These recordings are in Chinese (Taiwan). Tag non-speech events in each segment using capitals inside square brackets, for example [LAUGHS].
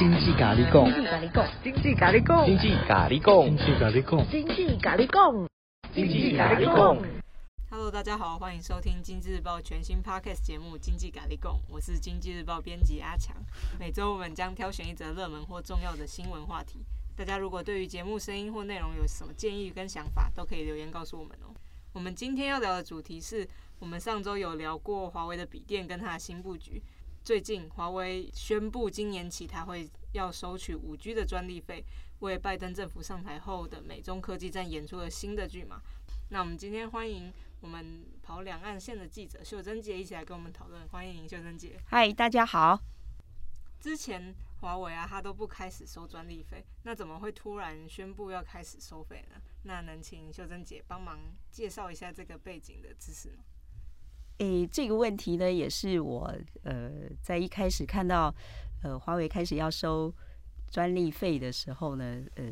經濟尬你講，經濟尬你講，經濟尬你講，經濟尬你講，經濟尬你講，經濟尬你講。Hello，大家好，歡迎收聽《經濟日報》全新 Podcast 節目《經濟尬你講》，我是《經濟日報》編輯阿強。每周我們將挑選一則熱門或重要的新聞話題，大家如果對於節目聲音或內容有什麼建議跟想法，都可以留言告訴我們哦。我們今天要聊的主題是，我們上周有聊過華為的筆電跟它的新布局。最近華為宣布，今年起它會要收取 5G 的專利費，為拜登政府上台後的美中科技戰演出了新的劇碼。那我們今天歡迎我們跑兩岸線的記者秀珍姐一起來跟我們討論，歡迎秀珍姐。嗨，大家好。之前華為啊，它都不開始收專利費，那怎麼會突然宣布要開始收費呢？那能請秀珍姐幫忙介紹一下這個背景的知識嗎？誒、欸，這個問題呢，也是我呃，在一開始看到呃華為開始要收專利費的時候呢，呃，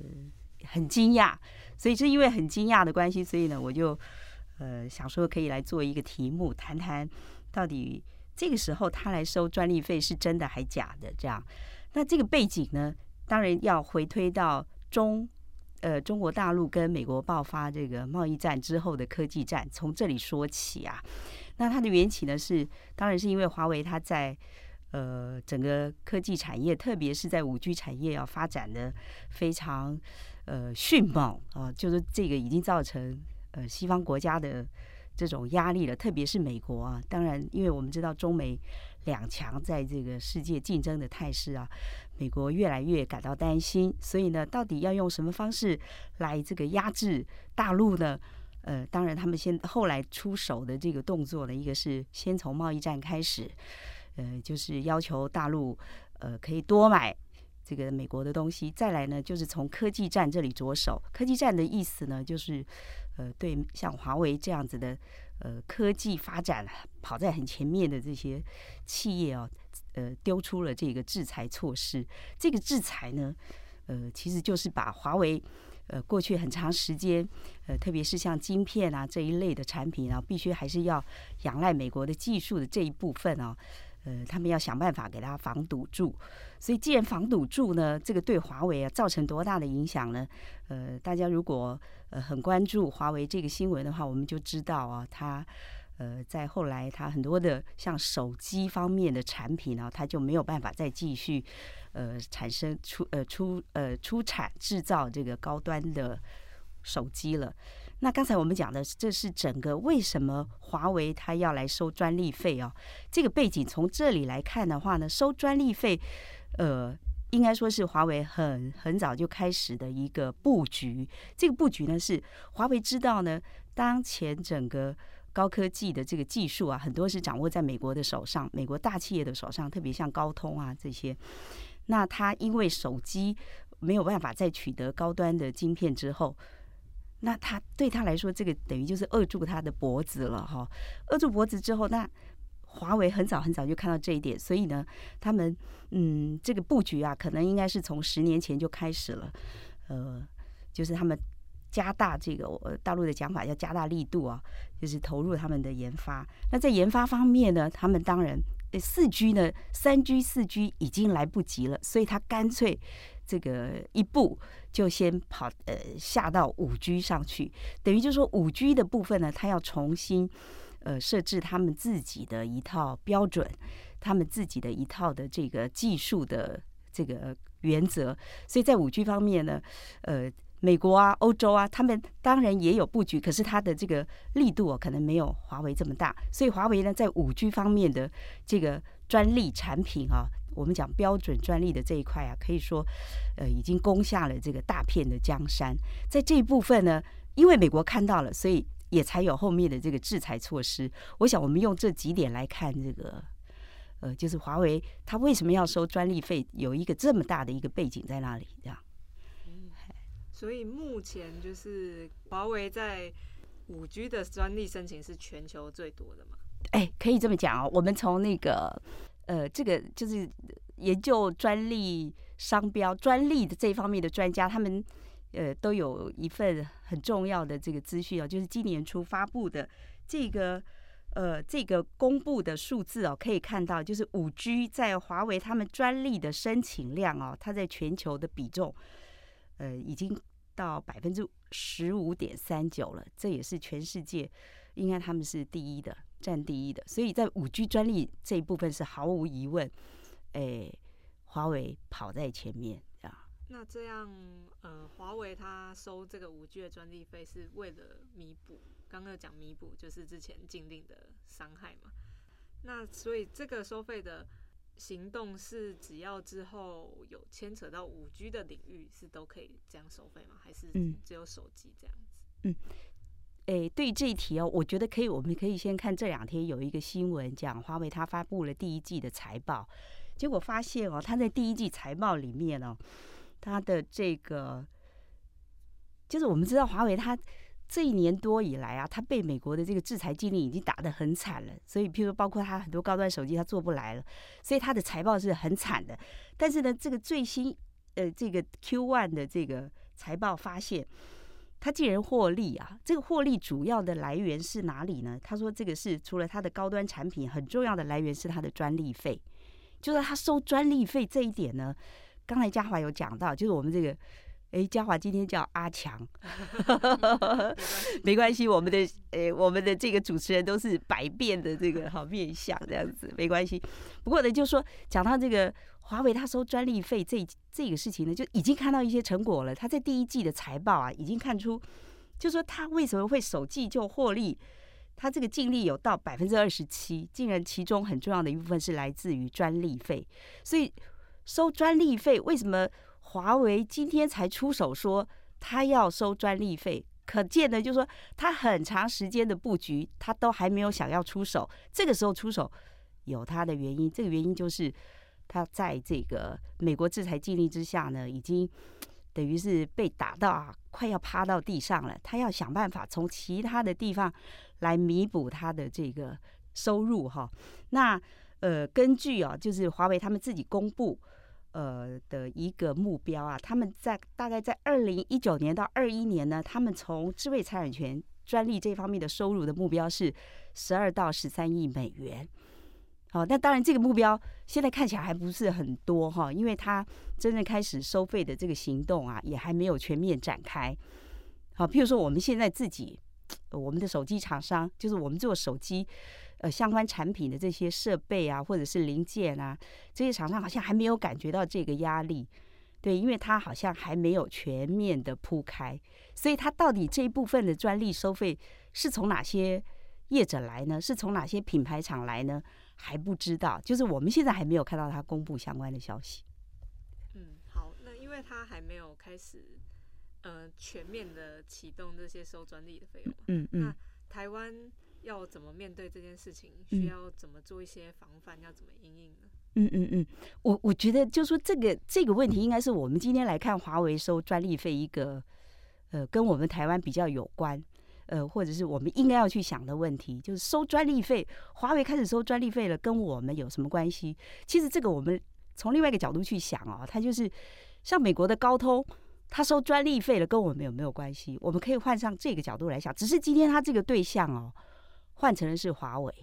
很驚訝，所以是因為很驚訝的關係，所以呢，我就呃想說可以來做一個題目，談談到底這個時候他來收專利費是真的還假的？這樣，那這個背景呢，當然要回推到中呃中國大陸跟美國爆發這個貿易戰之後的科技戰，從這裡說起啊。那它的緣起呢是，是當然是因為華為它在，呃，整個科技產業，特別是在 5G 產業要、啊、發展的非常呃迅猛，啊，就是這個已經造成呃西方國家的這種壓力了，特別是美國啊。當然，因為我們知道中美兩強在這個世界競爭的態勢啊，美國越來越感到擔心，所以呢，到底要用什麼方式來這個壓制大陸呢？呃，當然，他們先後來出手的這個動作呢，一個是先從貿易戰開始，呃，就是要求大陸呃可以多買這個美國的東西；再來呢，就是從科技戰這裡着手。科技戰的意思呢，就是呃，對像華為這樣子的呃科技發展跑在很前面的這些企業哦，呃，丟出了這個制裁措施。這個制裁呢，呃，其實就是把華為。呃，過去很長時間，呃，特別是像晶片啊這一類的產品啊，必須還是要仰賴美國的技術的這一部分啊。呃，他們要想辦法給它防堵住。所以，既然防堵住呢，這個對華為啊造成多大的影響呢？呃，大家如果呃很關注華為這個新聞的話，我們就知道啊，它。呃，在後來，它很多的像手機方面的產品呢、啊，它就沒有辦法再繼續呃產生出呃出呃出產制造這個高端的手機了。那剛才我們講的，這是整個為什麼華為它要來收專利費啊？這個背景從這裡來看的話呢，收專利費，呃，應該說是華為很很早就開始的一個布局。這個布局呢，是華為知道呢，當前整個。高科技的這個技術啊，很多是掌握在美國的手上，美國大企業的手上，特別像高通啊這些。那他因為手機沒有辦法再取得高端的晶片之後，那他對他來說，這個等於就是扼住他的脖子了哈。扼住脖子之後，那華為很早很早就看到這一點，所以呢，他們嗯，這個布局啊，可能應該是從十年前就開始了，呃，就是他們。加大這個我大陸的講法，要加大力度啊，就是投入他們的研發。那在研發方面呢，他們當然四 G 呢，三 G、四 G 已經來不及了，所以他乾脆這個一步就先跑呃下到五 G 上去。等於就是說五 G 的部分呢，他要重新呃設置他們自己的一套標準，他們自己的一套的這個技術的這個原則。所以在五 G 方面呢，呃。美國啊，歐洲啊，他們當然也有布局，可是它的這個力度哦、啊，可能沒有華為這麼大。所以華為呢，在五 G 方面的這個專利產品啊，我們講標準專利的這一塊啊，可以說呃，已經攻下了這個大片的江山。在這一部分呢，因為美國看到了，所以也才有後面的這個制裁措施。我想，我們用這幾點來看這個，呃，就是華為它為什麼要收專利費，有一個這麼大的一個背景在那裡，這樣。所以目前就是華為在五 G 的專利申請是全球最多的嘛？哎、欸，可以這麼講哦、喔。我們從那個呃，這個就是研究專利、商標、專利的這一方面的專家，他們呃都有一份很重要的這個資訊哦，就是今年初發布的這個呃這個公布的數字哦、喔，可以看到，就是五 G 在華為他們專利的申請量哦、喔，它在全球的比重呃已經。到百分之十五點三九了，這也是全世界，應該他們是第一的，占第一的。所以在五 G 專利這一部分是毫無疑問，誒、哎，華為跑在前面啊。那這樣，呃，華為它收這個五 G 的專利費是為了彌補剛剛講彌補，就是之前禁令的傷害嘛？那所以這個收費的。行動是只要之後有牽扯到 5G 的領域是都可以這樣收費嗎？還是只有手機這樣子？嗯，誒、嗯欸，對這一題哦，我覺得可以，我們可以先看這兩天有一個新聞講，講華為它發布了第一季的財報，結果發現哦，它在第一季財報裡面哦，它的這個就是我們知道華為它。這一年多以來啊，他被美國的這個制裁禁令已經打得很慘了，所以譬如說包括他很多高端手機他做不來了，所以他的財報是很慘的。但是呢，這個最新呃這個 Q1 的這個財報發現，他竟然獲利啊！這個獲利主要的來源是哪裡呢？他說這個是除了他的高端產品，很重要的來源是他的專利費，就是他收專利費這一點呢，剛才嘉華有講到，就是我們這個。哎、欸，嘉華今天叫阿強， [LAUGHS] 沒關係，我們的誒、欸，我們的這個主持人都是百變的這個好面相，這樣子沒關係。不過呢，就說講到這個華為他收專利費這這個事情呢，就已經看到一些成果了。他在第一季的財報啊，已經看出，就說他為什麼會首季就獲利，他這個淨利有到百分之二十七，竟然其中很重要的一部分是來自於專利費。所以收專利費為什麼？華為今天才出手說他要收專利費，可見的就是說他很長時間的布局，他都還沒有想要出手。這個時候出手有他的原因，這個原因就是他在這個美國制裁禁令之下呢，已經等於是被打到啊，快要趴到地上了。他要想辦法從其他的地方來彌補他的這個收入哈。那呃，根據啊，就是華為他們自己公布。呃，的一個目標啊，他們在大概在二零一九年到二一年呢，他們從智慧財產權專利這方面的收入的目標是十二到十三億美元。好、啊，那當然這個目標現在看起來還不是很多哈，因為它真正開始收費的這個行動啊，也還沒有全面展開。好、啊，譬如說我們現在自己，我們的手機廠商，就是我們做手機。呃，相關產品的這些設備啊，或者是零件啊，這些廠商好像還沒有感覺到這個壓力，對，因為他好像還沒有全面的鋪開，所以他到底這一部分的專利收費是從哪些業者來呢？是從哪些品牌廠來呢？還不知道，就是我們現在還沒有看到他公布相關的消息。嗯，好，那因為他還沒有開始呃全面的啟動這些收專利的費用，嗯嗯，那台灣要怎麼面對這件事情？需要怎麼做一些防範？要怎麼因應呢？嗯嗯嗯，我我覺得，就是說這個這個問題，應該是我們今天來看華為收專利費一個呃，跟我們台灣比較有關呃，或者是我們應該要去想的問題，就是收專利費，華為開始收專利費了，跟我們有什麼關係？其實這個我們從另外一個角度去想哦，他就是像美國的高通，他收專利費了，跟我們有沒有關係？我們可以換上這個角度來想，只是今天他這個對象哦。換成的是華為，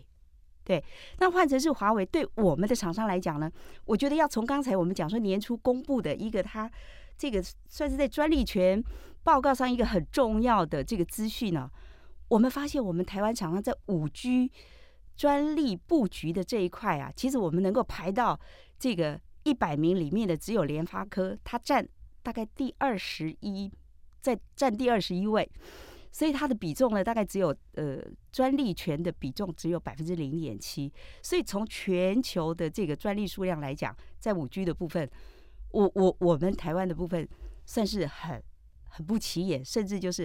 對。那換成是華為，對我們的廠商來講呢，我覺得要從剛才我們講說年初公布的一個它這個算是在專利權報告上一個很重要的這個資訊呢，我們發現我們台灣廠商在五 G 專利佈局的這一塊啊，其實我們能夠排到這個一百名裡面的只有聯發科，它佔大概第二十一，在佔第二十一位。所以它的比重呢，大概只有呃專利權的比重只有百分之零點七。所以從全球的這個專利數量來講，在五 G 的部分，我我我們台灣的部分算是很很不起眼，甚至就是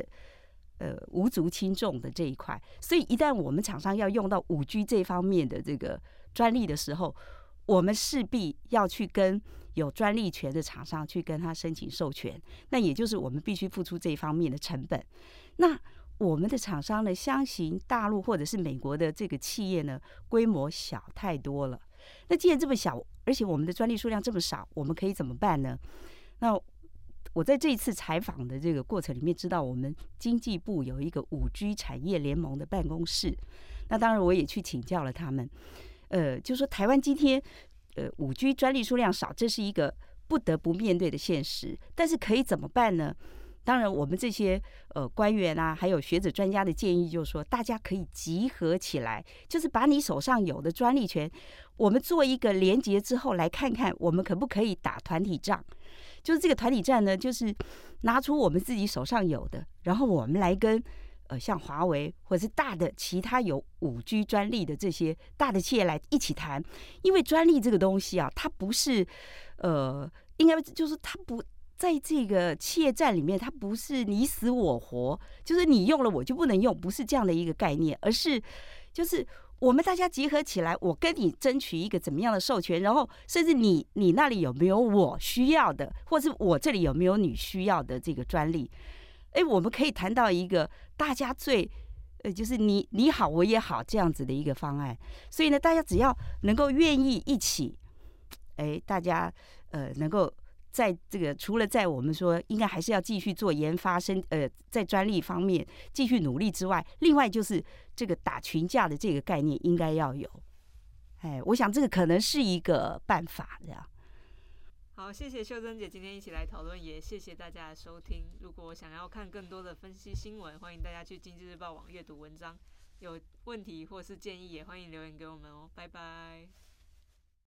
呃無足輕重的這一塊。所以一旦我們廠商要用到五 G 這方面的這個專利的時候，我們勢必要去跟有專利權的廠商去跟他申請授權，那也就是我們必須付出這一方面的成本。那我們的廠商呢，相信大陸或者是美國的這個企業呢，規模小太多了。那既然這麼小，而且我們的專利數量這麼少，我們可以怎麼辦呢？那我在這一次採訪的這個過程裡面，知道我們經濟部有一個 5G 產業聯盟的辦公室。那當然我也去請教了他們。呃，就說台灣今天呃 5G 專利數量少，這是一個不得不面對的現實。但是可以怎麼辦呢？當然，我們這些呃官員啊，還有學者專家的建議，就是說大家可以集合起來，就是把你手上有的專利權，我們做一個連接之後，來看看我們可不可以打團體戰。就是這個團體戰呢，就是拿出我們自己手上有的，然後我們來跟呃像華為或者是大的其他有 5G 專利的這些大的企業來一起談。因為專利這個東西啊，它不是呃，應該就是它不。在這個企業戰裡面，它不是你死我活，就是你用了我就不能用，不是這樣的一個概念，而是就是我們大家結合起來，我跟你爭取一個怎麼樣的授權，然後甚至你你那裡有沒有我需要的，或是我這裡有沒有你需要的這個專利，哎、欸，我們可以談到一個大家最呃，就是你你好我也好這樣子的一個方案。所以呢，大家只要能夠願意一起，哎、欸，大家呃能夠。在這個除了在我們說應該還是要繼續做研發生，呃，在專利方面繼續努力之外，另外就是這個打群架的這個概念應該要有，哎，我想這個可能是一個辦法，這樣。好，謝謝秀珍姐今天一起來討論，也謝謝大家的收聽。如果想要看更多的分析新聞，歡迎大家去經濟日報網閱讀文章。有問題或是建議，也歡迎留言給我們哦。拜拜。